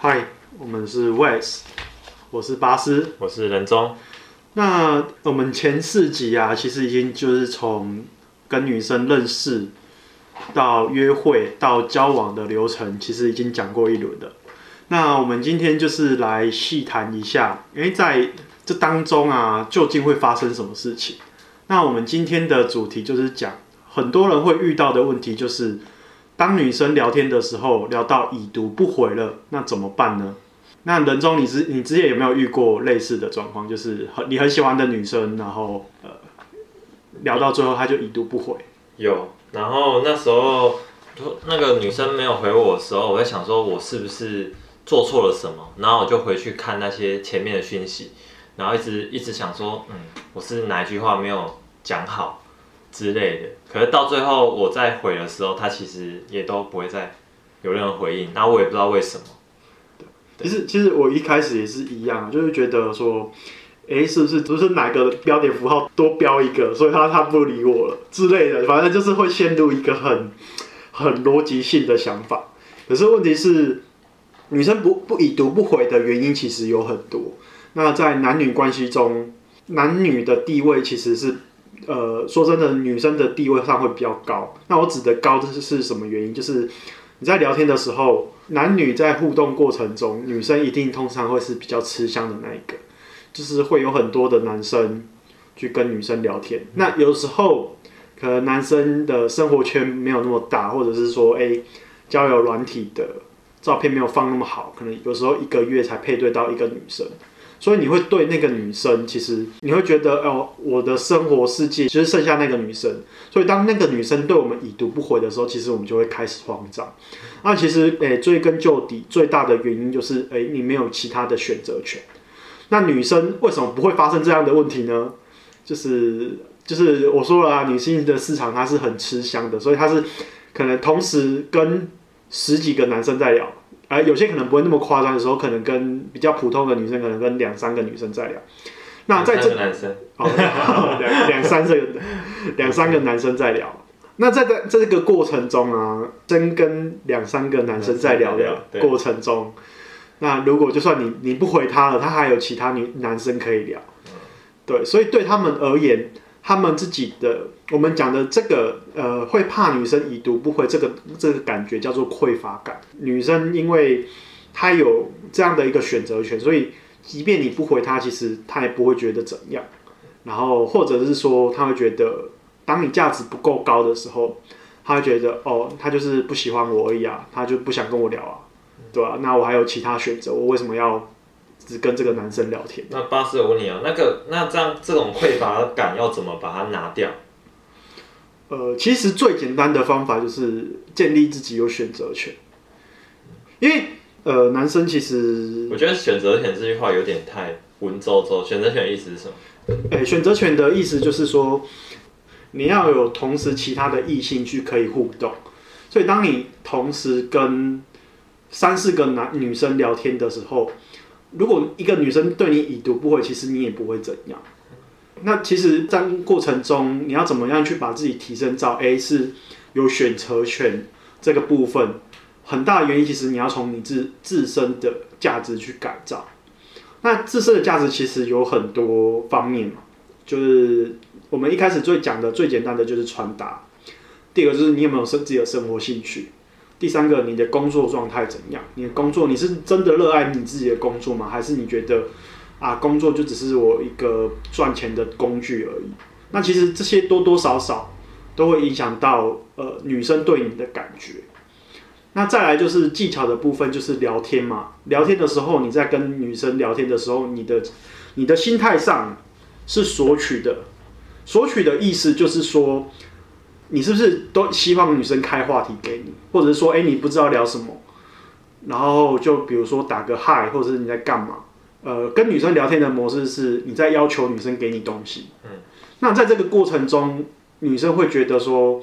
嗨，Hi, 我們是 Wes，我是巴斯，我是仁宗。那我們前四集啊，其實已經就是從跟女生認識到約會到交往的流程，其實已經講過一輪的。那我們今天就是來細談一下，因為在這當中啊，究竟會發生什麼事情？那我們今天的主題就是講很多人會遇到的問題，就是。當女生聊天的時候聊到已讀不回了，那怎麼辦呢？那人中你之、你之前有沒有遇過類似的狀況？就是很你很喜歡的女生，然後呃，聊到最後她就已讀不回。有，然後那時候那個女生沒有回我的時候，我在想說我是不是做錯了什麼？然後我就回去看那些前面的訊息，然後一直一直想說，嗯，我是哪一句話沒有講好。之類的，可是到最後我再回的時候，他其實也都不會再有任何回應，那我也不知道為什麼。對，其實其實我一開始也是一樣，就是覺得說，哎、欸，是不是只、就是哪個標點符號多標一個，所以他他不理我了之類的，反正就是會陷入一個很很邏輯性的想法。可是問題是，女生不不已讀不回的原因其實有很多。那在男女關係中，男女的地位其實是。呃，說真的，女生的地位上會比較高。那我指的高的是什麼原因？就是你在聊天的時候，男女在互動過程中，女生一定通常會是比較吃香的那一個，就是會有很多的男生去跟女生聊天。嗯、那有時候可能男生的生活圈沒有那麼大，或者是說，誒、欸、交友軟體的照片沒有放那麼好，可能有時候一個月才配對到一個女生。所以你會對那個女生，其實你會覺得，哦，我的生活世界其實剩下那個女生。所以當那個女生對我們已讀不回的時候，其實我們就會開始慌張。那、啊、其實，哎，追根究底，最大的原因就是，哎，你沒有其他的選擇權。那女生為什麼不會發生這樣的問題呢？就是就是我說了，啊，女性的市場它是很吃香的，所以它是可能同時跟十幾個男生在聊。而、呃、有些可能不會那麼誇張的時候，可能跟比較普通的女生，可能跟兩三個女生在聊。那在這兩男生，兩、哦、兩三個，兩 三個男生在聊。那在在這個過程中啊，真跟兩三個男生在聊的過程中，那如果就算你你不回她了，她還有其他女男生可以聊。嗯、對，所以對他們而言，他們自己的，我們講的這個，呃，會怕女生已讀不回，這個這個感覺叫做匱乏感。女生因為她有這樣的一個選擇權，所以即便你不回她，其實她也不會覺得怎樣。然後或者是說她，她會覺得，當你價值不夠高的時候，她會覺得哦，她就是不喜歡我而已啊，她就不想跟我聊啊，對啊，那我還有其他選擇，我為什麼要？只跟這個男生聊天。那巴斯，我問你啊，那個那這樣這種匱乏感要怎麼把它拿掉？呃，其實最簡單的方法就是建立自己有選擇權。因為呃，男生其實我覺得選擇權這句話有點太文縐縐。選擇權的意思是什麼？哎，選擇權的意思就是說你要有同時其他的異性去可以互動。所以當你同時跟三四個男女生聊天的時候，如果一個女生對你已讀不回，其實你也不會怎樣。那其實，在過程中，你要怎麼樣去把自己提升到哎，是有選擇權這個部分，很大的原因其實你要從你自自身的價值去改造。那自身的價值其實有很多方面嘛，就是我們一開始最講的最簡單的就是穿搭。第二個就是你有沒有自己的生活興趣。第三個，你的工作狀態怎樣？你的工作你是真的熱愛你自己的工作嗎？還是你覺得，啊，工作就只是我一個賺錢的工具而已？那其實這些多多少少都會影響到呃女生對你的感覺。那再來就是技巧的部分，就是聊天嘛。聊天的時候，你在跟女生聊天的時候，你的你的心態上是索取的。索取的意思就是說。你是不是都希望女生開話題給你，或者是說，哎，你不知道聊什麼，然後就比如說打個嗨，或者是你在幹嘛？呃，跟女生聊天的模式是，你在要求女生給你東西。嗯，那在這個過程中，女生會覺得說，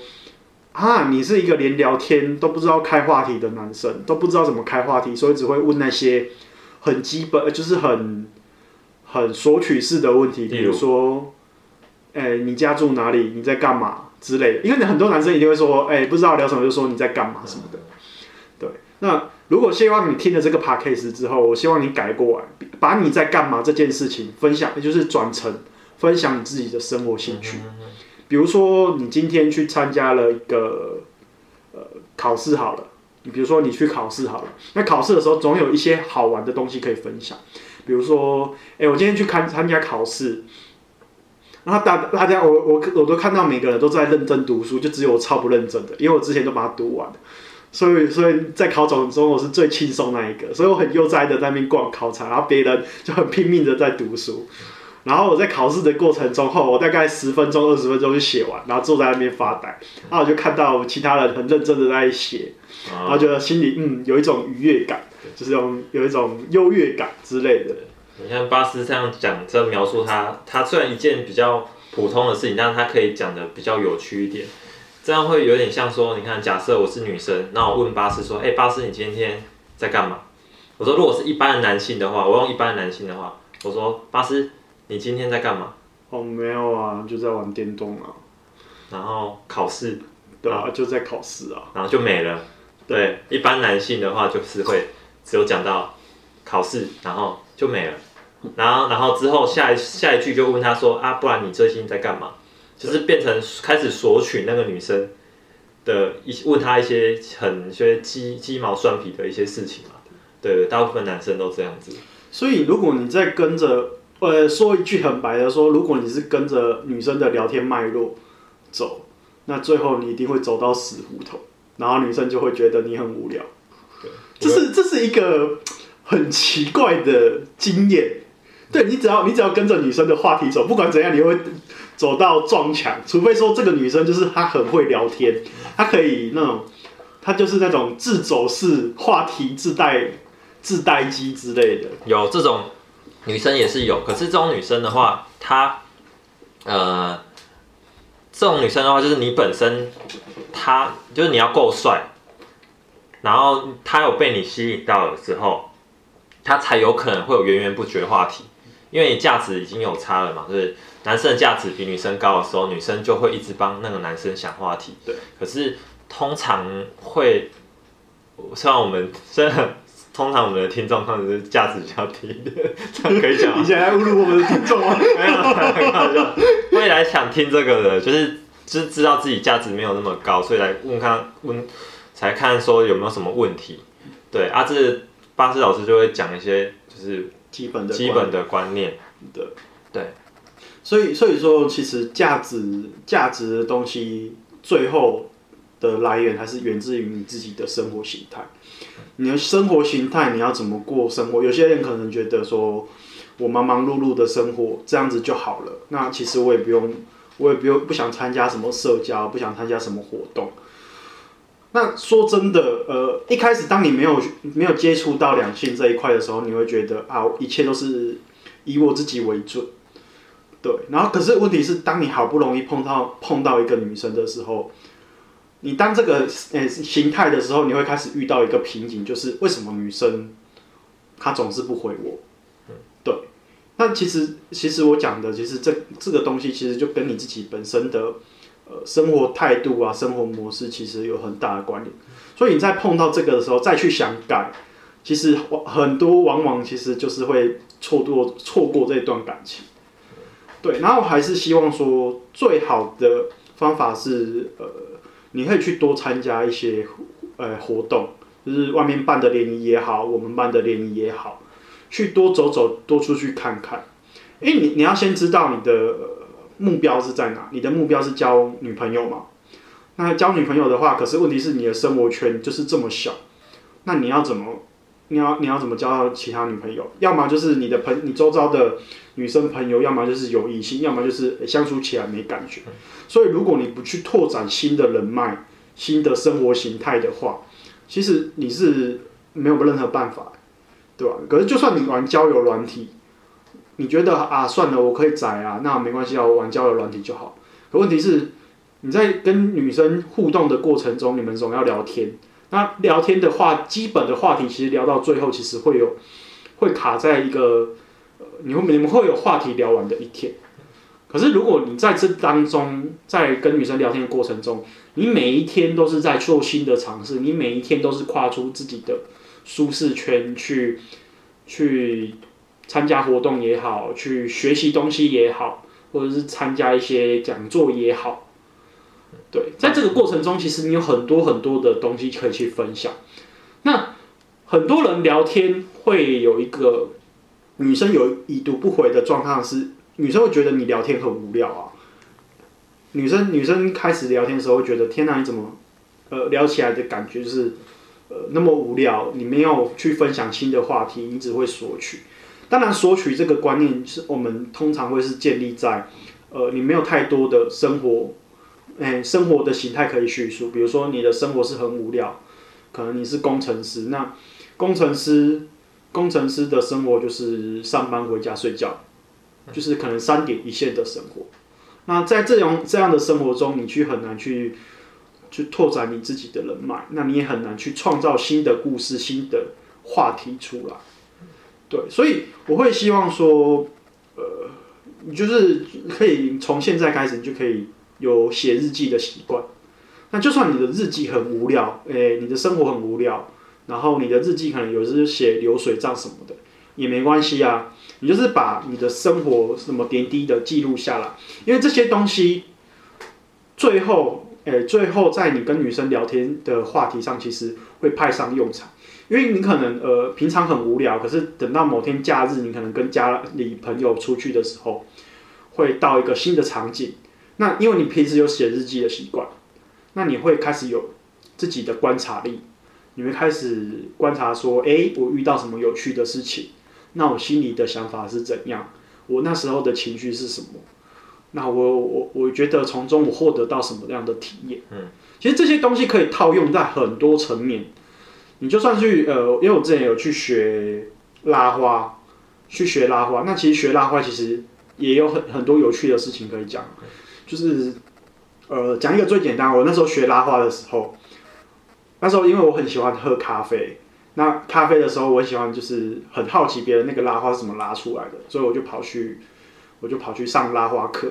啊，你是一個連聊天都不知道開話題的男生，都不知道怎麼開話題，所以只會問那些很基本，就是很很索取式的問題，比如說。哎，你家住哪裡？你在幹嘛？之類的，因為很多男生一定會說，哎，不知道聊什麼，就說你在幹嘛什麼的。對，那如果希望你聽了這個 podcast 之後，我希望你改過來，把你在幹嘛這件事情分享，也就是轉成分享你自己的生活興趣。比如說，你今天去參加了一個呃考試好了，你比如說你去考試好了，那考試的時候總有一些好玩的東西可以分享，比如說，哎，我今天去看參加考試。然後大大家，我我我都看到每個人都在認真讀書，就只有我超不認真的，因為我之前都把它讀完，所以所以在考場中我是最輕鬆那一個，所以我很悠哉的在那邊逛考場，然後別人就很拼命的在讀書，然後我在考試的過程中後，後我大概十分鐘、二十分鐘就寫完，然後坐在那邊發呆，然後我就看到其他人很認真的在寫，啊、然後覺得心裡嗯有一種愉悅感，就是有有一種優越感之類的。你看巴斯這樣講，這樣描述他，他雖然一件比較普通的事情，但是他可以講的比較有趣一點，這樣會有點像說，你看，假設我是女生，那我問巴斯說，哎、嗯欸，巴斯你今天在幹嘛？我說如果是一般的男性的話，我用一般的男性的話，我說，巴斯你今天在幹嘛？哦，沒有啊，就在玩電動啊，然後考試，對啊，就在考試啊，然後就沒了。對，對一般男性的話就是會，只有講到。考試，然後就沒了，然後，然後之後下一、下一句就問他說啊，不然你最近在幹嘛？就是變成開始索取那個女生的一些，問他一些很一些雞雞毛蒜皮的一些事情嘛。對對，大部分男生都這樣子。所以如果你在跟着，呃，說一句很白的說，如果你是跟着女生的聊天脈絡走，那最後你一定會走到死胡同，然後女生就會覺得你很無聊。對，這是這是一個。很奇怪的經驗，對，你只要你只要跟着女生的話題走，不管怎樣，你會走到撞牆。除非說這個女生就是她很會聊天，她可以那種，她就是那種自走式話題自帶自帶機之類的。有這種女生也是有，可是這種女生的話，她呃，這種女生的話就是你本身她就是你要夠帥，然後她有被你吸引到了之後。他才有可能會有源源不絕話題，因為你價值已經有差了嘛，就是男生的價值比女生高的時候，女生就會一直幫那個男生想話題。對，可是通常會，雖然我們雖然通常我們的聽眾可能是價值比較低的，這樣可以講嗎？以前還侮辱我們的聽眾嗎？ 沒有，很好笑，未來想聽這個的，就是就是知道自己價值沒有那麼高，所以來問看問，才看說有沒有什麼問題。對，啊這巴士老師就會講一些就是基本的基本的觀念，對對，所以所以說其實價值價值的東西最後的來源還是源自於你自己的生活形態，你的生活形態，你要怎麼過生活？有些人可能覺得說我忙忙碌碌的生活這樣子就好了，那其實我也不用我也不用不想參加什麼社交，不想參加什麼活動。那說真的，呃，一開始，當你沒有沒有接觸到兩性這一塊的時候，你會覺得啊，一切都是以我自己為準，對。然後，可是問題是，當你好不容易碰到碰到一個女生的時候，你當這個呃、欸、形態的時候，你會開始遇到一個瓶頸，就是為什麼女生她總是不回我？對。那其實，其實我講的，其實這這個東西，其實就跟你自己本身的。生活態度啊，生活模式其實有很大的關聯，所以你在碰到這個的時候，再去想改，其實很多往往其實就是會錯過錯過這段感情。對，然後還是希望說，最好的方法是呃，你可以去多參加一些呃活動，就是外面辦的聯誼也好，我們辦的聯誼也好，去多走走，多出去看看。哎，你你要先知道你的。呃目標是在哪？你的目標是交女朋友嗎？那交女朋友的話，可是問題是你的生活圈就是這麼小，那你要怎麼，你要你要怎麼交到其他女朋友？要麼就是你的朋你周遭的女生朋友，要麼就是有異性，要麼就是相處起來沒感覺。所以如果你不去拓展新的人脈、新的生活形態的話，其實你是沒有任何辦法，對吧？可是就算你玩交友軟體，你覺得啊，算了，我可以宰啊，那沒關係，啊，我玩交友軟體就好。可問題是，你在跟女生互動的過程中，你們總要聊天。那聊天的話，基本的話題其實聊到最後，其實會有會卡在一個，你會你們會有話題聊完的一天。可是如果你在這當中，在跟女生聊天的過程中，你每一天都是在做新的嘗試，你每一天都是跨出自己的舒適圈去去。參加活動也好，去學習東西也好，或者是參加一些講座也好，對，在這個過程中，其實你有很多很多的東西可以去分享。那很多人聊天會有一個女生有已讀不回的狀態，是女生會覺得你聊天很無聊啊。女生女生開始聊天的時候會覺得，天哪，你怎麼，呃，聊起來的感覺是，呃，那麼無聊，你沒有去分享新的話題，你只會索取。當然，索取這個觀念是我們通常會是建立在，呃，你沒有太多的生活，哎，生活的形態可以敘述。比如說，你的生活是很無聊，可能你是工程師，那工程師，工程師的生活就是上班回家睡覺，就是可能三點一線的生活。那在這種這樣的生活中，你去很難去，去拓展你自己的人脈，那你也很難去創造新的故事、新的話題出來。對，所以我會希望說，呃，你就是可以從現在開始，你就可以有寫日記的習慣。那就算你的日記很無聊，哎、欸，你的生活很無聊，然後你的日記可能有時寫流水賬什麼的也沒關係啊。你就是把你的生活什麼點滴的記錄下來，因為這些東西最後，哎、欸，最後在你跟女生聊天的話題上，其實會派上用場。因為你可能呃平常很無聊，可是等到某天假日，你可能跟家裡朋友出去的時候，會到一個新的場景。那因為你平時有寫日記的習慣，那你會開始有自己的觀察力，你會開始觀察說，哎，我遇到什麼有趣的事情？那我心裡的想法是怎樣？我那時候的情緒是什麼？那我我我覺得從中我獲得到什麼樣的體驗？嗯，其實這些東西可以套用在很多層面。你就算去呃，因為我之前有去學拉花，去學拉花，那其實學拉花其實也有很很多有趣的事情可以講，就是呃，講一個最簡單，我那時候學拉花的時候，那時候因為我很喜歡喝咖啡，那咖啡的時候我喜歡就是很好奇別人那個拉花是怎麼拉出來的，所以我就跑去我就跑去上拉花課，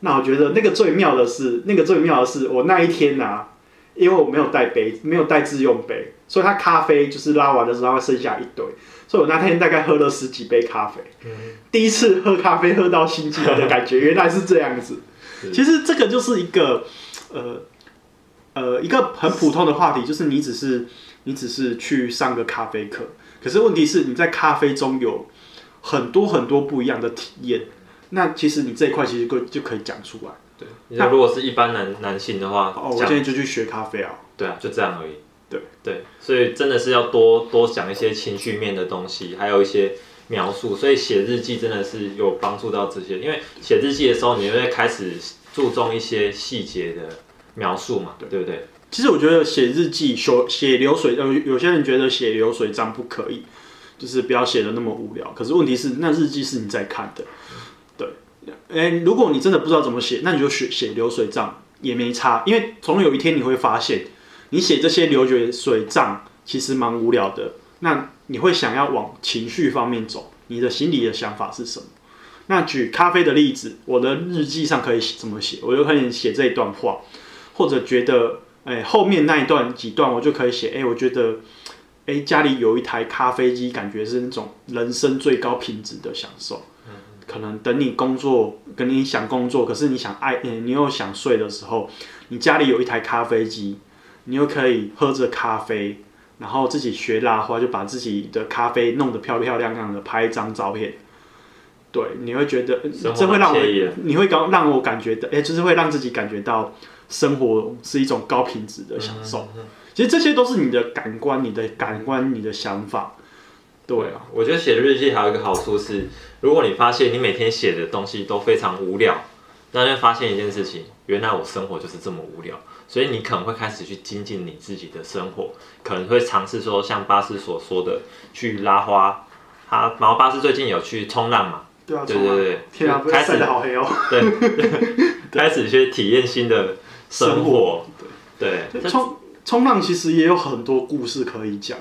那我覺得那個最妙的是，那個最妙的是我那一天吶、啊。因為我沒有帶杯，嗯、沒有帶自用杯，所以他咖啡就是拉完的時候，剩下一堆。所以我那天大概喝了十幾杯咖啡，嗯、第一次喝咖啡喝到心悸的感覺，嗯、原來是這樣子。是其實這個就是一個，呃，呃，一個很普通的話題，就是你只是你只是去上個咖啡課，可是問題是你在咖啡中有很多很多不一樣的體驗，那其實你這一塊其實就就可以講出來。那如果是一般男、啊、男性的話，哦、我建議就去學咖啡啊。對啊，就這樣而已。對對，所以真的是要多多講一些情緒面的東西，哦、還有一些描述。所以寫日記真的是有幫助到這些，因為寫日記的時候，你就會開始注重一些細節的描述嘛，對,對不對？其實我覺得寫日記、寫寫流水，有、呃、有些人覺得寫流水賬不可以，就是不要寫得那麼無聊。可是問題是，那日記是你在看的。嗯哎，如果你真的不知道怎麼寫，那你就寫寫流水賬也沒差，因為總有一天你會發現，你寫這些流水水賬其實蠻無聊的。那你會想要往情緒方面走，你的心裡的想法是什麼？那舉咖啡的例子，我的日記上可以寫怎麼寫？我就可以寫這一段話，或者覺得，哎，後面那一段幾段我就可以寫，哎，我覺得，哎，家裡有一台咖啡機，感覺是那種人生最高品質的享受。可能等你工作，跟你想工作，可是你想愛、嗯，你又想睡的時候，你家裡有一台咖啡機，你又可以喝着咖啡，然後自己學拉花，就把自己的咖啡弄得漂漂亮亮的，拍一張照片，對，你會覺得這、啊、會讓我，你會感讓我感覺到，哎，就是會讓自己感覺到生活是一種高品質的享受。嗯嗯嗯、其實這些都是你的感官，你的感官，你的想法。對啊，我覺得寫日記還有一個好處是。如果你發現你每天寫的東西都非常無聊，那就會發現一件事情：原來我生活就是這麼無聊。所以你可能會開始去精進你自己的生活，可能會嘗試說像巴士所說的去拉花。他、啊、毛巴士最近有去衝浪嘛？對啊，對對對，天啊哪，曬得好黑哦 對。對，開始去體驗新的生活。生活對，衝衝浪其實也有很多故事可以講，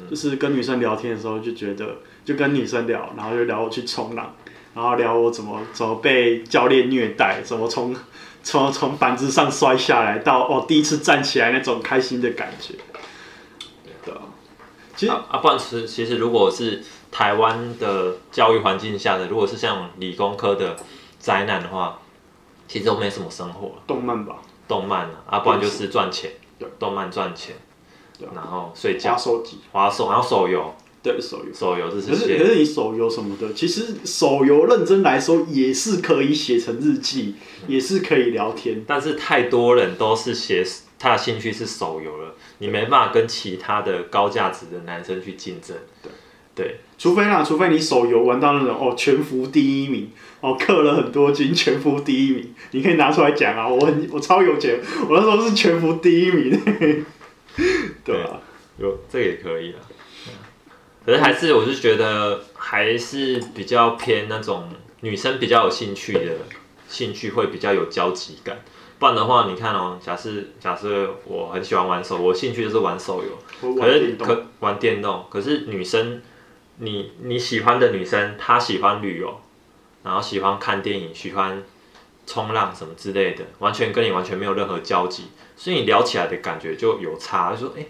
嗯、就是跟女生聊天的時候就覺得。就跟女生聊，然後就聊我去衝浪，然後聊我怎麼怎麼被教練虐待，怎麼從從從板子上摔下來到我、哦、第一次站起來那種開心的感覺。對其實、啊啊、不然是其實如果是台灣的教育環境下的，如果是像理工科的宅男的話，其實都沒什麼生活。動漫吧，動漫啊，啊不然就是賺錢，對動漫賺錢，對然後睡覺，滑手機，滑手然後手遊。對，手遊，手遊這是可是可是你手遊什麼的，其實手遊認真來說也是可以寫成日記，嗯、也是可以聊天。但是太多人都是寫他的興趣是手遊了，對你沒辦法跟其他的高價值的男生去競爭。對對，除非啊，除非你手遊玩到那種哦全服第一名，哦氪了很多金全服第一名，你可以拿出來講啊，我很我超有錢，我那時候是全服第一名，對啊。有這也可以啊。可是還是，我是覺得還是比較偏那種女生比較有興趣的興趣，會比較有交集感。不然的話，你看哦，假設假設我很喜歡玩手，我興趣就是玩手遊，可是可玩電動，可是女生，你你喜歡的女生，她喜歡旅遊，然後喜歡看電影，喜歡衝浪什麼之類的，完全跟你完全沒有任何交集，所以你聊起來的感覺就有差，就說哎。誒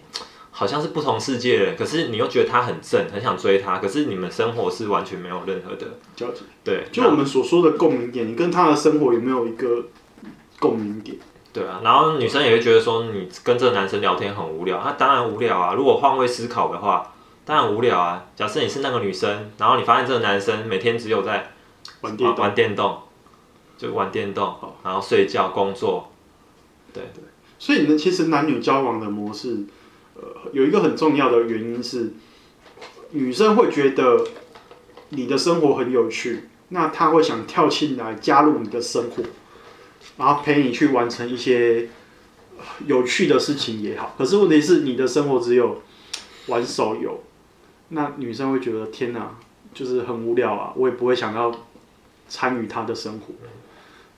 好像是不同世界的人，可是你又覺得他很正，很想追他，可是你們生活是完全沒有任何的交集。對，後就我們所說的共鳴點，你跟他的生活有沒有一個共鳴點？對啊，然後女生也會覺得說，你跟這個男生聊天很無聊。他當然無聊啊，如果換位思考的話，當然無聊啊。假設你是那個女生，然後你發現這個男生每天只有在玩電、啊、玩電動，就玩電動，好然後睡覺、工作。對對，所以你們其實男女交往的模式。有一個很重要的原因是，女生會覺得你的生活很有趣，那她會想跳進來加入你的生活，然後陪你去完成一些有趣的事情也好。可是問題是，你的生活只有玩手遊，那女生會覺得天哪，就是很無聊啊！我也不會想要參與她的生活。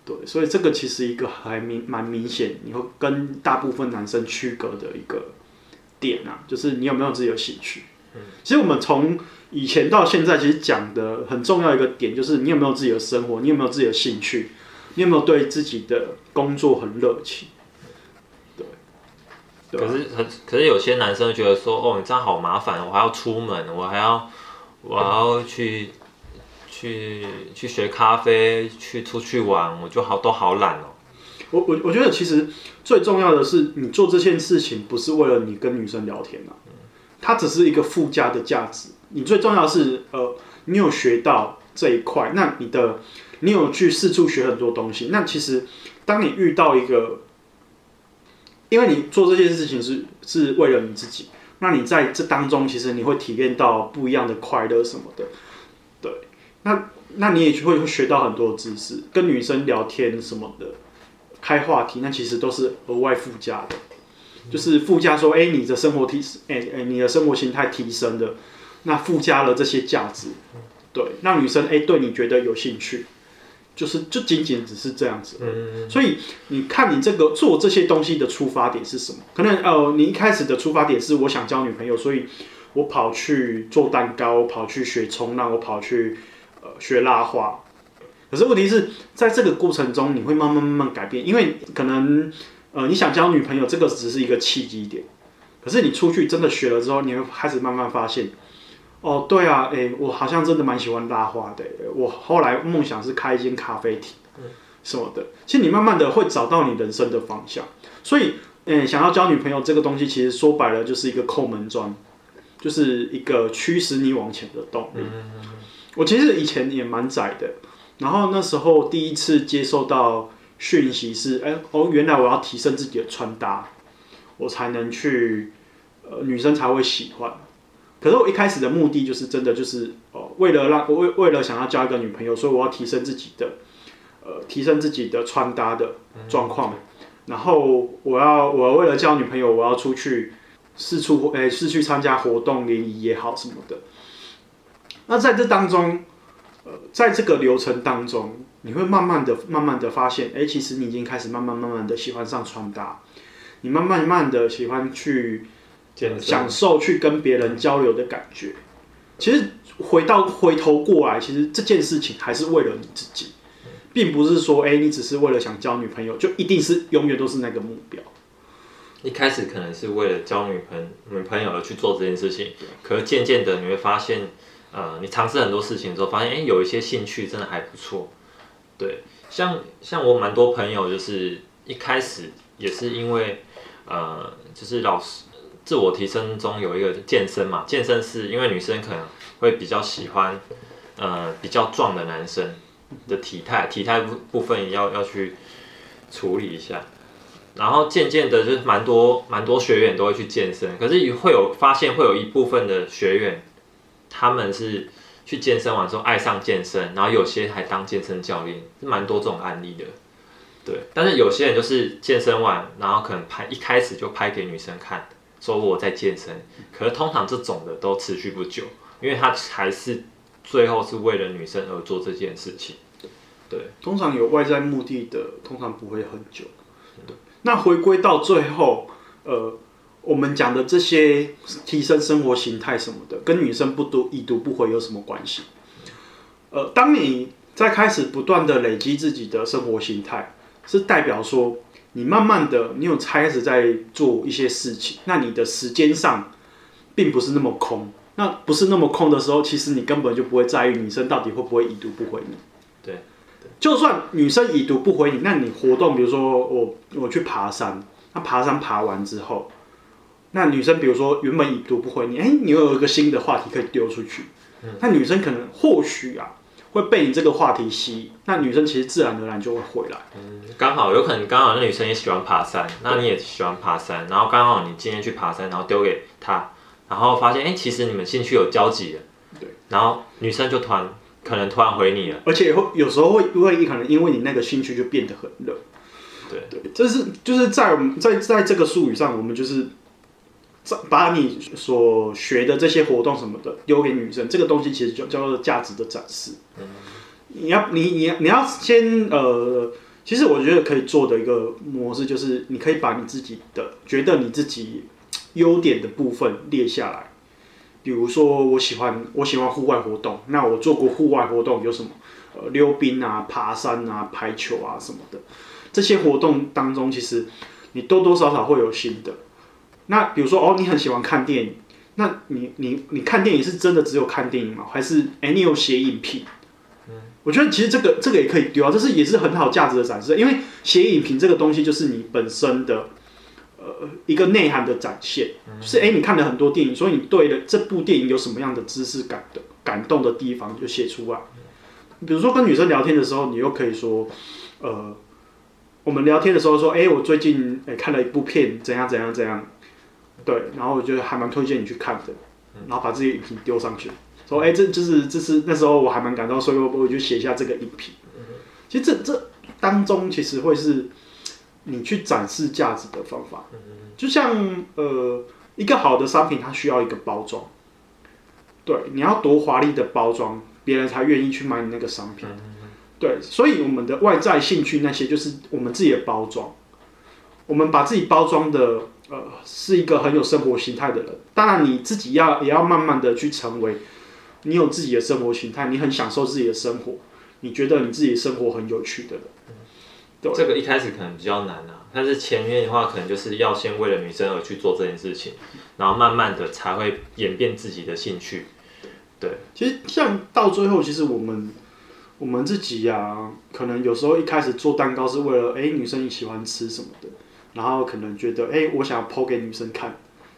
對，所以這個其實一個還明蠻明顯，你會跟大部分男生區隔的一個點啊，就是你有沒有自己的興趣？嗯，其實我們從以前到現在，其實講的很重要一個點，就是你有沒有自己的生活，你有沒有自己的興趣，你有沒有對自己的工作很熱情？對，對啊，可是很，可是有些男生覺得說，哦，你這樣好麻煩，我還要出門，我還要，我還要去去去學咖啡，去出去玩，我就好都好懶了喔。我我我覺得其實最重要的是，你做這件事情不是為了你跟女生聊天啊，它只是一個附加的價值。你最重要是呃，你有學到這一塊，那你的你有去四處學很多東西。那其實當你遇到一個，因為你做這件事情是是為了你自己，那你在這當中其實你會體驗到不一樣的快樂什麼的。對，那那你也會學到很多知識，跟女生聊天什麼的。開話題，那其實都是額外附加的，就是附加說，哎、欸，你的生活體，哎、欸、哎、欸，你的生活形態提升的，那附加了這些價值，對，讓女生哎、欸、對你覺得有興趣，就是就僅僅只是這樣子，嗯嗯嗯。所以你看你這個做這些東西的出發點是什麼？可能哦、呃，你一開始的出發點是我想交女朋友，所以我跑去做蛋糕，跑去學衝浪，我跑去、呃、學拉花。可是問題是在這個過程中，你會慢慢慢慢改變，因為可能，呃，你想交女朋友這個只是一個契機點，可是你出去真的學了之後，你會開始慢慢發現，哦，對啊，誒我好像真的蠻喜歡拉花的，我後來夢想是開一間咖啡廳，什麼的。其實你慢慢的會找到你人生的方向。所以誒，想要交女朋友這個東西，其實說白了就是一個扣門磚，就是一個驅使你往前的動力。嗯嗯嗯嗯，我其實以前也蠻窄的。然後那時候第一次接受到訊息是：哎，哦，原來我要提升自己的穿搭，我才能去，呃，女生才會喜歡。可是我一開始的目的就是真的就是哦，呃，為了讓我為為了想要交一個女朋友，所以我要提升自己的，呃，提升自己的穿搭的狀況。嗯。然後我要我為了交女朋友，我要出去四處哎，是去參加活動、聯誼也好什麼的。那在這當中，呃，在這個流程當中，你會慢慢的、慢慢的發現，哎，其實你已經開始慢慢、慢慢的喜歡上穿搭，你慢、慢慢慢的喜歡去享受去跟別人交流的感覺。其實回到回頭過來，其實這件事情還是為了你自己，並不是說，哎，你只是為了想交女朋友，就一定是永遠都是那個目標。一開始可能是為了交女朋女朋友而去做這件事情，可是漸漸的你會發現。呃，你嘗試很多事情之後，發現哎、欸，有一些興趣真的還不錯。對，像像我蠻多朋友，就是一開始也是因為，呃，就是老師自我提升中有一個健身嘛。健身是因為女生可能會比較喜歡，呃，比較壯的男生的體態，體態部部分也要要去處理一下。然後漸漸的，就是蠻多蠻多學員都會去健身，可是也會有發現會有一部分的學員，他們是去健身完之後愛上健身，然後有些還當健身教練，是蠻多這種案例的。對，但是有些人就是健身完，然後可能拍一開始就拍給女生看，說我在健身。可是通常這種的都持續不久，因為他還是最後是為了女生而做這件事情。對，通常有外在目的的，通常不會很久。對，那回歸到最後，呃。我們講的這些提升生活形態什麼的，跟女生不讀已讀不回有什麼關係？呃，當你在開始不斷的累積自己的生活形態，是代表說你慢慢的你有開始在做一些事情，那你的時間上並不是那麼空，那不是那麼空的時候，其實你根本就不會在意女生到底會不會已讀不回你。對，就算女生已讀不回你，那你活動，比如說我我去爬山，那爬山爬完之後。那女生比如說原本已讀不回你，哎，你又有一個新的話題可以丟出去，嗯、那女生可能或許啊會被你這個話題吸引，那女生其實自然而然就會回來。嗯，剛好有可能剛好那女生也喜歡爬山，對那你也喜歡爬山，然後剛好你今天去爬山，然後丟給她，然後發現哎，其實你們興趣有交集了。對，然後女生就突然可能突然回你了，而且會有時候會因為可能因為你那個興趣就變得很熱。對對，就是就是在我們在在這個術語上，我們就是。這把你所學的這些活動什麼的丟給女生，這個東西其實就叫做價值的展示。你要你你要你要先呃，其實我覺得可以做的一個模式就是，你可以把你自己的覺得你自己優點的部分列下來。比如說我喜歡我喜歡戶外活動，那我做過戶外活動有什麼？呃，溜冰啊，爬山啊，排球啊什麼的。這些活動當中，其實你多多少少會有心得。那比如說，哦，你很喜歡看電影，那你你你看電影是真的只有看電影嗎？還是哎、欸，你有寫影評？嗯、我覺得其實這個這個也可以丟啊，這是也是很好價值的展示。因為寫影評這個東西，就是你本身的呃一個內涵的展現，嗯就是哎、欸，你看了很多電影，所以你對了這部電影有什麼樣的知識感的感動的地方，就寫出來。嗯、比如說跟女生聊天的時候，你又可以說，呃，我們聊天的時候說，哎、欸，我最近哎、欸、看了一部片，怎樣怎樣怎樣。對，然後我覺得還蠻推薦你去看的，然後把自己影評丟上去，說哎、欸，這就是這是那時候我還蠻感動，所以我我就寫一下這個影評。其實這這當中其實會是，你去展示價值的方法。就像呃一個好的商品，它需要一個包裝。對，你要多華麗的包裝，別人才願意去買你那個商品。對，所以我們的外在興趣那些，就是我們自己的包裝。我們把自己包裝的。呃，是一個很有生活形態的人。當然，你自己要也要慢慢的去成為，你有自己的生活形態，你很享受自己的生活，你覺得你自己的生活很有趣的人。對，這個一開始可能比較難啊。但是前面的話，可能就是要先為了女生而去做這件事情，然後慢慢的才會演變自己的興趣。對，其實像到最後，其實我們我們自己呀、啊，可能有時候一開始做蛋糕是為了，哎，女生你喜歡吃什麼的？然後可能覺得，哎，我想要 po 給女生看，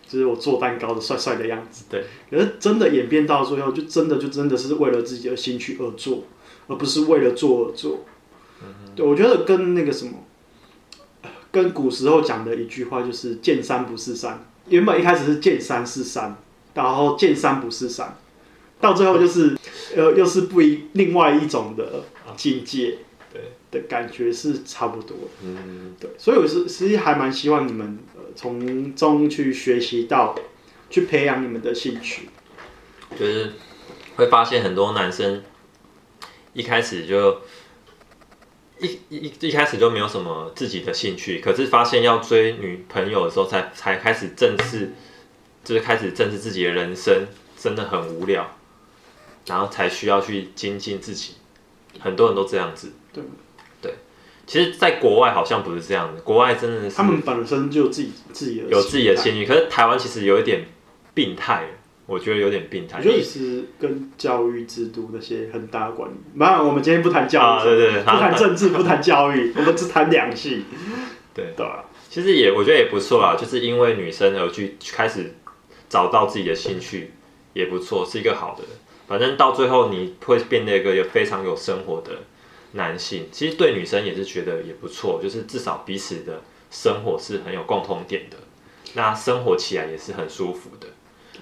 就是我做蛋糕的帥帥的樣子。對。可是真的演變到最後，就真的就真的是為了自己的興趣而做，而不是為了做而做。嗯、哼對，我覺得跟那個什麼，跟古時候講的一句話就是“見山不是山”，原本一開始是“見山是山”，然後“見山不是山”，到最後就是、嗯哼呃、又是不一另外一種的境界。啊的感覺是差不多，嗯，對，所以我是實，實際還蠻希望你們，呃，從中去學習到，去培養你們的興趣，就是會發現很多男生一開始就一一一開始就沒有什麼自己的興趣，可是發現要追女朋友的時候才，才才開始正視，就是開始正視自己的人生，真的很無聊，然後才需要去精進自己，很多人都這樣子，對。其實，在國外好像不是這樣子，國外真的是的他們本身就有自己自己的心有自己的興趣，可是台灣其實有一點病態，我覺得有點病態，就是跟教育制度那些很大關係。沒，我們今天不談教育，啊，對對，對不談政治，啊，不談教育，我們只談兩性，對，對其實也我覺得也不錯啦，就是因為女生而去開始找到自己的興趣對也不錯，是一個好的，反正到最後你會變得一個有非常有生活的。男性其實對女生也是覺得也不錯，就是至少彼此的生活是很有共同點的，那生活起來也是很舒服的，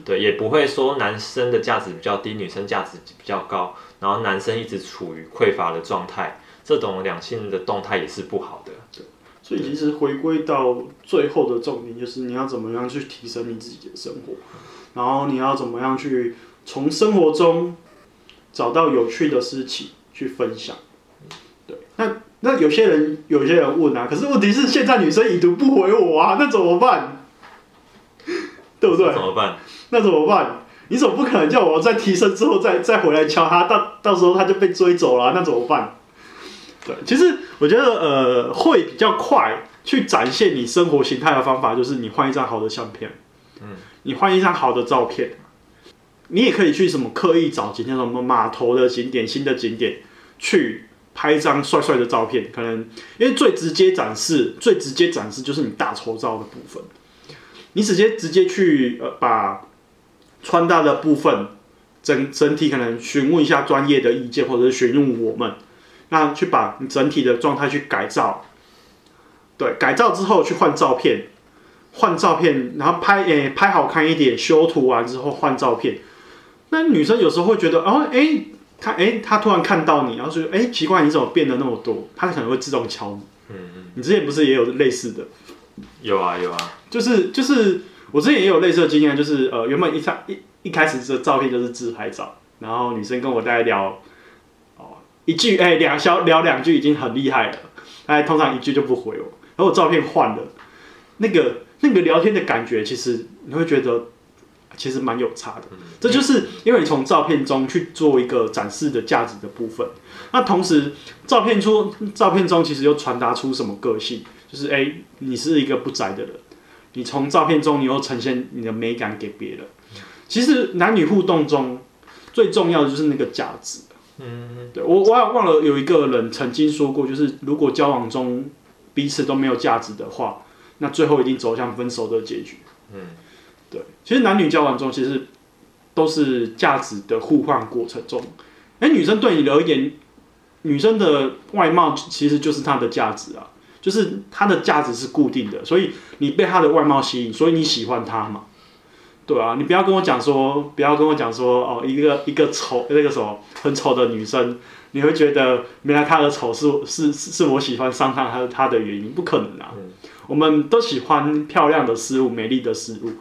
對，也不會說男生的價值比較低，女生價值比較高，然後男生一直處於匱乏的狀態，這種兩性的動態也是不好的，對，所以其實回歸到最後的重點就是你要怎麼樣去提升你自己的生活， 然後你要怎麼樣去從生活中找到有趣的事情去分享。那那有些人有些人問啊，可是問題是現在女生已讀不回我啊，那怎麼辦？對不對？怎麼辦？那怎麼辦？你怎麼不可能叫我再提升之後再再回來敲他？到到時候他就被追走了，啊，那怎麼辦？對，其實我覺得呃，會比較快去展現你生活形態的方法就是你換一張好的相片，嗯，你換一張好的照片，你也可以去什麼刻意找今天什麼碼頭的景點、新的景點去。拍張帥帥的照片，可能因為最直接展示，最直接展示就是你大頭照的部分。你直接直接去呃把穿搭的部分整整體可能詢問一下專業的意見，或者詢問我們，那去把你整體的狀態去改造。對，改造之後去換照片，換照片，然後拍呃拍好看一點，修圖完之後換照片。那女生有時候會覺得哦，哎，他誒、欸，他突然看到你，然後說：“誒、欸，奇怪，你怎麼變得那麼多？”他可能會自動敲你。嗯，你之前不是也有類似的？有啊有啊，有啊就是就是，我之前也有類似的經驗，就是呃，原本一張一一開始的照片就是自拍照，然後女生跟我大概聊，哦，一句哎兩消聊兩句已經很厲害了，但是通常一句就不回我，然後我照片換了，那個那個聊天的感覺，其實你會覺得。其實蠻有差的，這就是因為你從照片中去做一個展示的價值的部分。那同時，照片中照片中其實又傳達出什麼個性？就是哎，你是一個不宅的人。你從照片中，你又呈現你的美感給別人。其實男女互動中最重要的就是那個價值。嗯，對，我我也忘了有一個人曾經說過，就是如果交往中彼此都沒有價值的話，那最後一定走向分手的結局。嗯。對，其實男女交往中，其實都是價值的互換過程中。哎，女生對你而言，女生的外貌其實就是她的價值啊，就是她的價值是固定的，所以你被她的外貌吸引，所以你喜歡她嘛？對啊，你不要跟我講說，不要跟我講說，哦，一個一個醜那個什麼很醜的女生，你會覺得原來她的醜是是是，是我喜歡上她她的原因？不可能啊，嗯、我們都喜歡漂亮的事物，美麗的事物。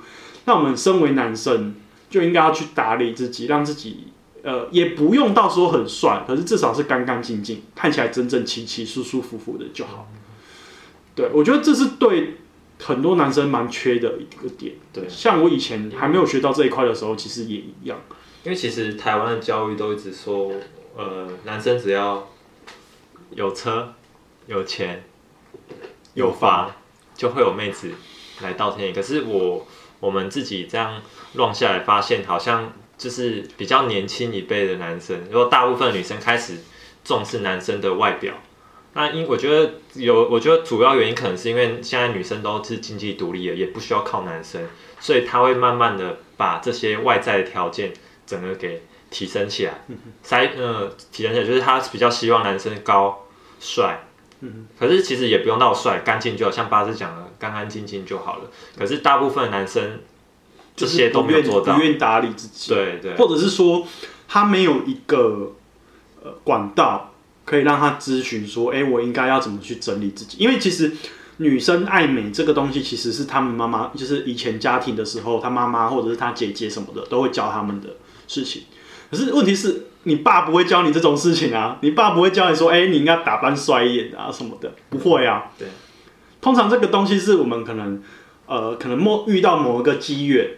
那我們身為男生，就應該要去打理自己，讓自己呃也不用到時候很帥，可是至少是乾乾淨淨，看起來整整齊齊、舒舒服服的就好。嗯、對，我覺得這是對很多男生蠻缺的一個點。對，嗯、像我以前還沒有學到這一塊的時候，其實也一樣。因為其實台灣的教育都一直說，呃，男生只要有車、有錢、有房，嗯、就會有妹子來倒貼。可是我。我們自己這樣亂下來，發現好像就是比較年輕一輩的男生，如果大部分的女生開始重視男生的外表，那因我覺得有，我覺得主要原因可能是因為現在女生都是經濟獨立的，也不需要靠男生，所以他會慢慢的把這些外在的條件整個給提升起來，嗯哼塞嗯、呃、提升起來，就是他比較希望男生高帥，嗯哼，可是其實也不用那麼帥，乾淨就好，像巴斯講的。乾乾淨淨就好了。可是大部分男生這些都沒有做到，不願，不願打理自己。對對，對或者是說他沒有一個、呃、管道，可以讓他諮詢說：“哎，我應該要怎麼去整理自己？”因為其實女生愛美這個東西，其實是他們媽媽，就是以前家庭的時候，他媽媽或者是他姐姐什麼的都會教他們的事情。可是問題是你爸不會教你這種事情啊，你爸不會教你說：“哎，你應該打扮帥一點啊什麼的。”不會啊。對。通常這個東西是我們可能，呃，可能莫遇到某一個機緣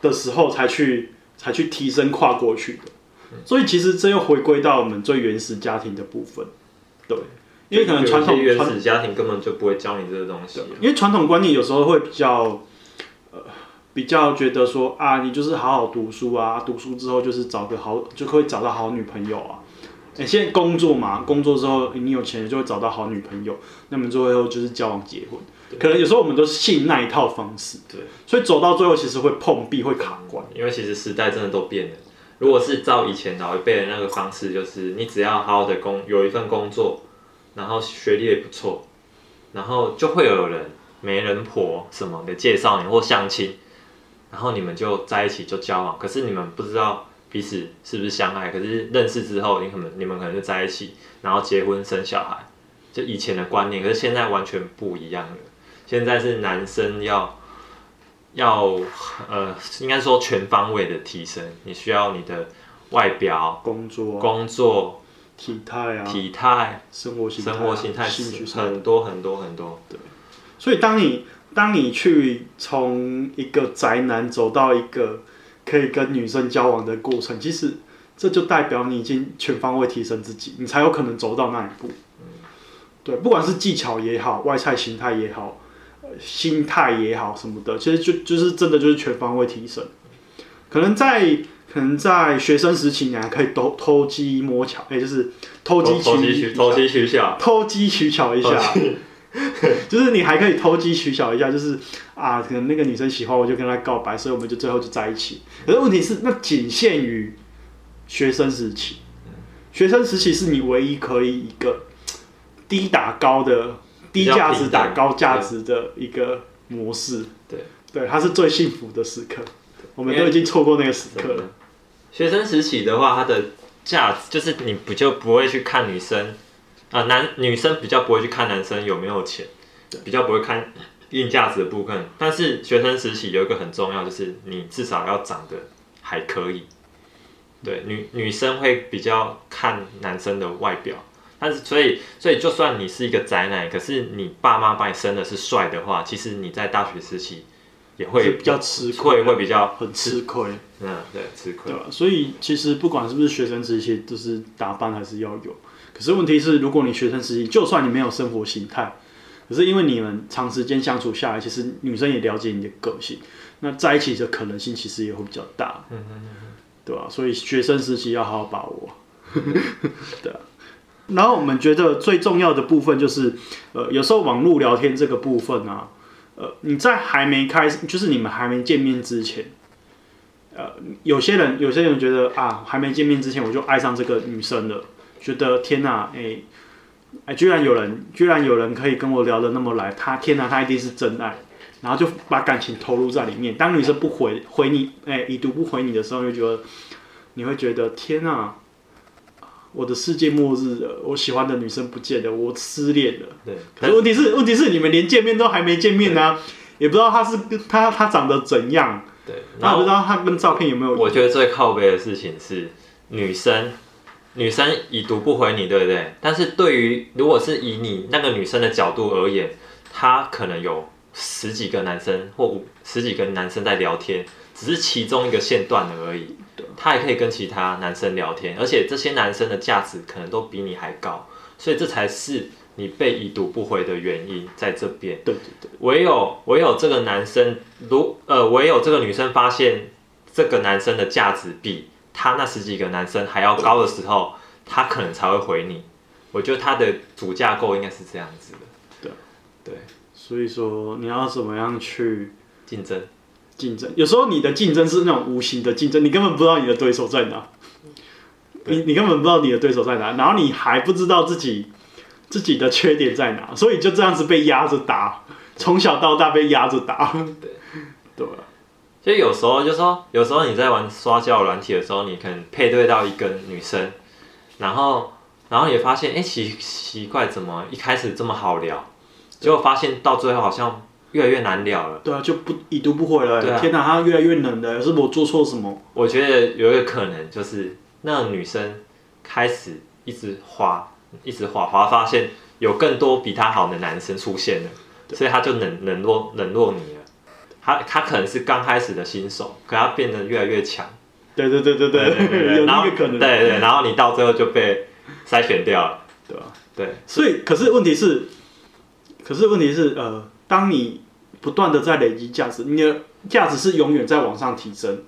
的時候才去才去提升跨過去的，所以其實這又回歸到我們最原始家庭的部分。對，因為可能傳統原始家庭根本就不會教你這個東西。因為傳統觀念有時候會比較，呃，比較覺得說啊，你就是好好讀書啊，讀書之後就是找個好，就會找到好女朋友啊。你現在工作嘛，工作之後你有錢，就會找到好女朋友，那麼最後就是交往結婚。對可能有時候我們都是信那一套方式，對，所以走到最後其實會碰壁，會卡關，因為其實時代真的都變了。如果是照以前老一輩的那個方式，就是你只要好好的工，有一份工作，然後學歷也不錯，然後就會有人媒人婆什麼的介紹你或相親，然後你們就在一起就交往。可是你們不知道。彼此是不是相愛？可是認識之後，你可能、你們可能就在一起，然後結婚生小孩，就以前的觀念，可是現在完全不一樣了。現在是男生要要呃，應該說全方位的提升，你需要你的外表、工作、工作、體態啊、體態、生活心態、生活心態、興趣、很多很多很多。對，所以當你當你去從一個宅男走到一個。可以跟女生交往的過程，其實這就代表你已經全方位提升自己，你才有可能走到那一步。對，不管是技巧也好，外在形態也好，呃，心態也好什麼的，其實就就是真的就是全方位提升。可能在可能在學生時期，你還可以投投機摸巧，也就是投機取投機取巧，投機取，取巧一下。 就是你還可以投機取巧一下，就是啊，可能那個女生喜歡我，就跟他告白，所以我們就最後就在一起。可是問題是，那僅限於學生時期。學生時期是你唯一可以一個低打高的平平低價值打高價值的一個模式。對對，它是最幸福的時刻。我們都已經錯過那個時刻了。了。學生時期的話，它的價值就是你不就不會去看女生。啊，男女生比較不會去看男生有沒有錢，對比較不會看硬價值的部分。但是學生時期有一個很重要，就是你至少要長得還可以。對，女女生會比較看男生的外表。但是所以所以，就算你是一個宅男，可是你爸媽把你生的是帥的話，其實你在大學時期也會比較吃虧，會，會比較很吃虧。嗯，對，吃虧。對，所以其實不管是不是學生時期，就是打扮還是要有。可是問題是，如果你學生時期，就算你沒有生活形態，可是因為你們長時間相處下來，其實女生也了解你的個性，那在一起的可能性其實也會比較大。對啊，所以學生時期要好好把握， 對啊。然後我們覺得最重要的部分就是，呃、有時候網絡聊天這個部分啊，呃、你在還沒開始，就是你們還沒見面之前，呃、有些人有些人覺得啊，還沒見面之前我就愛上這個女生了。覺得天哪，哎，哎、居然有人居然有人可以跟我聊得那麼來，他天哪，他一定是真愛。然後就把感情投入在裡面。當女生不回回你，哎，已讀不回你的時候，就覺得你會覺得天哪，我的世界末日了，我喜歡的女生不見了，我失戀了。對，可是問題是問題是你們連見面都還沒見面呢？對，也不知道他是他他長得怎樣，對，然後我不知道他跟照片有沒有，我，我覺得最靠背的事情是女生。女生已讀不回你，對不對？但是對於如果是以你那個女生的角度而言，她可能有十幾個男生或五十幾個男生在聊天，只是其中一個線斷了而已。她也可以跟其他男生聊天，而且這些男生的價值可能都比你還高，所以這才是你被已讀不回的原因在這邊。對對對，唯有唯有這個男生，如呃，唯有這個女生發現這個男生的價值比他那十幾個男生還要高的時候，他可能才會回你。我覺得他的主架構應該是這樣子的。對，對。所以說，你要怎麼樣去競爭？競爭，有時候你的競爭是那種無形的競爭，你根本不知道你的對手在哪。對。你你根本不知道你的對手在哪，然後你還不知道自己自己的缺點在哪，所以就這樣子被壓着打，從小到大被壓着打。對，對。其實有時候就說，有時候你在玩刷交友軟體的時候，你可能配對到一個女生，然後，然後也發現，哎，奇奇怪，怎麼一開始這麼好聊，結果發現到最後好像越來越難聊了。對啊，就不已讀不回了。對、啊、天哪，她越來越冷了，是不是我做錯什麼？我覺得有一個可能就是，那個、女生開始一直滑，一直滑滑，發現有更多比她好的男生出現了，對所以她就冷冷落冷落你了。他他可能是剛開始的新手，可他變得越來越強。對對對對對，然後有那個可能對對，然後你到最後就被篩選掉了，對吧、啊？對。對所以，可是問題是，可是問題是，呃，當你不斷的在累積價值，你的價值是永遠在往上提升。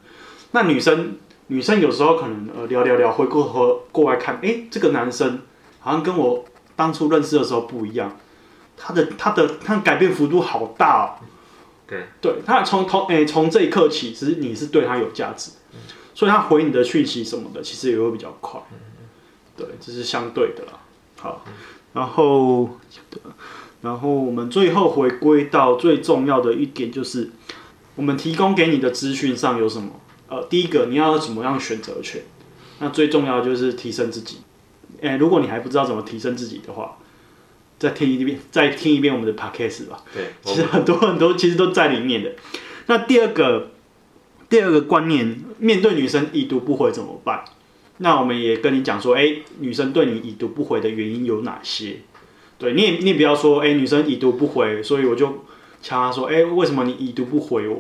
那女生，女生有時候可能呃聊聊聊，回過頭過來看，哎，這個男生好像跟我當初認識的時候不一樣，他的他的他的改變幅度好大、哦。Okay. 對，他從同誒、欸、從這一刻起，其實你是對他有價值，所以他回你的訊息什麼的，其實也會比較快。對，這是相對的啦。好，然後，然後我們最後回歸到最重要的一點，就是我們提供給你的資訊上有什麼？呃，第一個你要怎麼樣選擇權？那最重要就是提升自己。誒、欸，如果你還不知道怎麼提升自己的話。再聽一遍，再聽一遍我們的 podcast 吧。對，其實很多很多，其實都在裡面的。那第二個，第二個觀念，面對女生已讀不回怎麼辦？那我們也跟你講說，哎，女生對你已讀不回的原因有哪些？對，你也，你也不要說，哎，女生已讀不回，所以我就嗆她說，哎，為什麼你已讀不回我？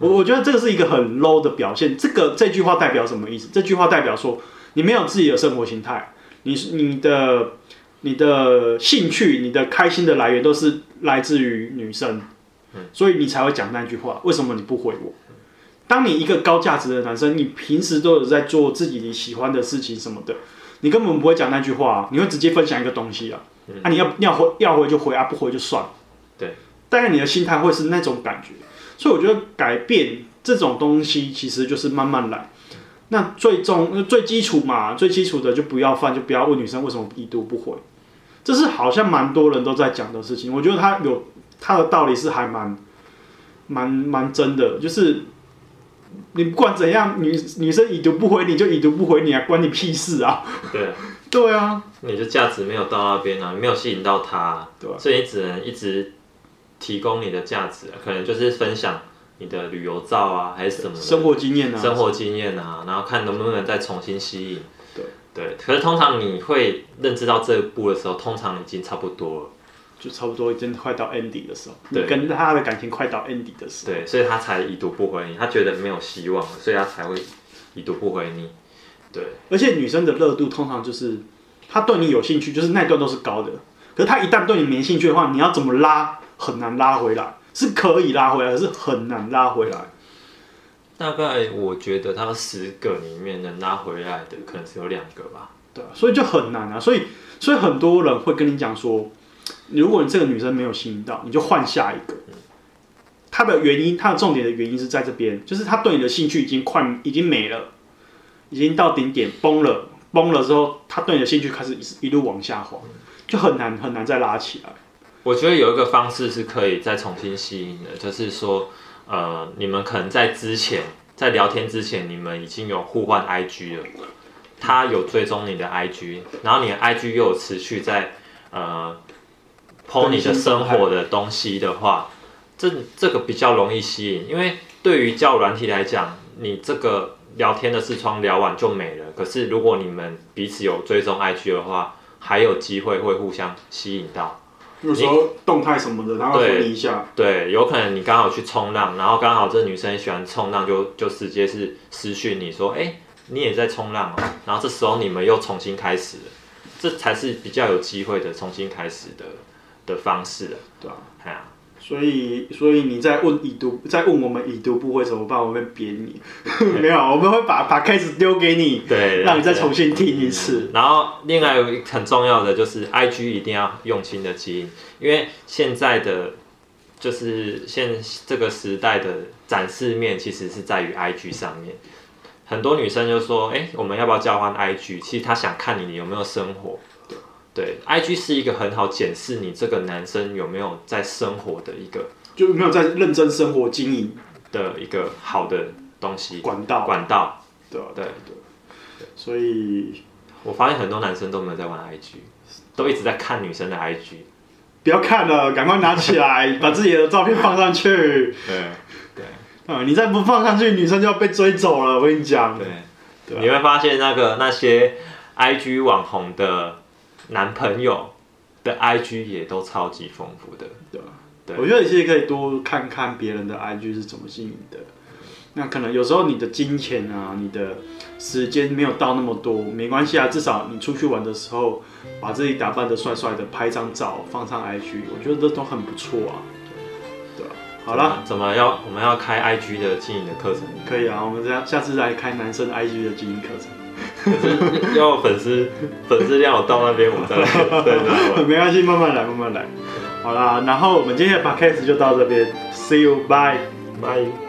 嗯、我我覺得這個是一個很 low 的表現。這個這句話代表什麼意思？這句話代表說，你沒有自己的生活形態，你你的。你的興趣、你的開心的來源都是來自於女生，所以你才會講那句話。為什麼你不回我？當你一個高價值的男生，你平時都有在做自己你喜歡的事情什麼的，你根本不會講那句話，你會直接分享一個東西啊。啊，你要要回要回就回啊，不回就算了。對，但是你的心態會是那種感覺，所以我覺得改變這種東西其實就是慢慢來。那最終，最基礎嘛，最基礎的就不要犯，就不要問女生為什麼已讀不回。這是好像蠻多人都在講的事情，我覺得他有他的道理是還蠻，蠻蠻真的。就是你不管怎樣，女女生已讀不回你就已讀不回你啊，關你屁事啊！對啊， 對啊，你的價值沒有到那邊啊，你沒有吸引到他啊，對啊，所以你只能一直提供你的價值啊，可能就是分享你的旅遊照啊，還是什麼生活經驗啊，生活經驗啊，然後看能不能再重新吸引。對，可是通常你會認知到這一步的時候，通常已經差不多了，就差不多已經快到 ending 的時候，對你跟他的感情快到 ending 的時候，對，所以他才已讀不回你，他覺得沒有希望了，所以他才會已讀不回你，對，而且女生的熱度通常就是，她對你有興趣，就是那段都是高的，可是她一旦對你沒興趣的話，你要怎麼拉，很難拉回來，是可以拉回來，是很難拉回來。大概我覺得他十個裡面能拉回來的可能是有兩個吧。對啊，所以就很難啊。所以，所以很多人會跟你講說，如果你這個女生沒有吸引到，你就換下一個。嗯，他的原因，他的重點的原因是在這邊，就是他對你的興趣已經快已經沒了，已經到頂點崩了，崩了之後，他對你的興趣開始一一路往下滑，嗯，就很難很難再拉起來。我覺得有一個方式是可以再重新吸引的，嗯，就是說。呃，你們可能在之前，在聊天之前，你們已經有互換 I G 了，他有追蹤你的 I G，然後你的 I G 又有持續在呃 po 你的生活的東西的話，這這個比較容易吸引，因為對於交友軟體來講，你這個聊天的視窗聊完就沒了，可是如果你們彼此有追蹤 I G 的話，還有機會會互相吸引到。有時候動態什麼的，然後對一下，對，有可能你剛好去衝浪，然後剛好這女生喜歡衝浪就，就就直接是私訊你說，哎，你也在衝浪啊、哦，然後這時候你們又重新開始了，這才是比較有機會的重新開始的的方式了，對啊、嗯所以，所以你在問已讀，在問我們已讀不回怎麼辦？我們會扁你， 對沒有，我們會把把 case 丟給你，對，對，讓你再重新聽一次。嗯、然後，另外有一很重要的就是 IG 一定要用心的經營，因為現在的就是現這個時代的展示面其實是在於 IG 上面。很多女生就說：“哎，我們要不要交換 IG？” 其實她想看你，你有沒有生活。對，I G 是一個很好檢視你這個男生有沒有在生活的一個，就沒有在認真生活經營的一個好的東西管道管道，管道，對對、啊、對，對所以我發現很多男生都沒有在玩 I G，是都一直在看女生的 I G，不要看了，趕快拿起來 把自己的照片放上去，對 對，啊對、嗯，你再不放上去，女生就要被追走了，我跟你講，對，對啊、你會發現那個那些 I G 網紅的，男朋友的 IG 也都超級豐富的，對吧？對，對我覺得你其實可以多看看別人的 IG 是怎麼經營的。那可能有時候你的金錢啊、你的時間沒有到那麼多，沒關係啊。至少你出去玩的時候，把自己打扮得帥帥的，拍張照放上 IG，我覺得這都很不錯啊。對，對好了啦，怎麼要我們要開 IG 的經營的課程？可以啊，我們下下次來開男生 IG 的經營課程。是 要粉絲粉絲讓我到那邊，我再來。 沒關係，慢慢來，慢慢來。好啦，然後我們今天的 podcast 就到這邊，see you，bye bye。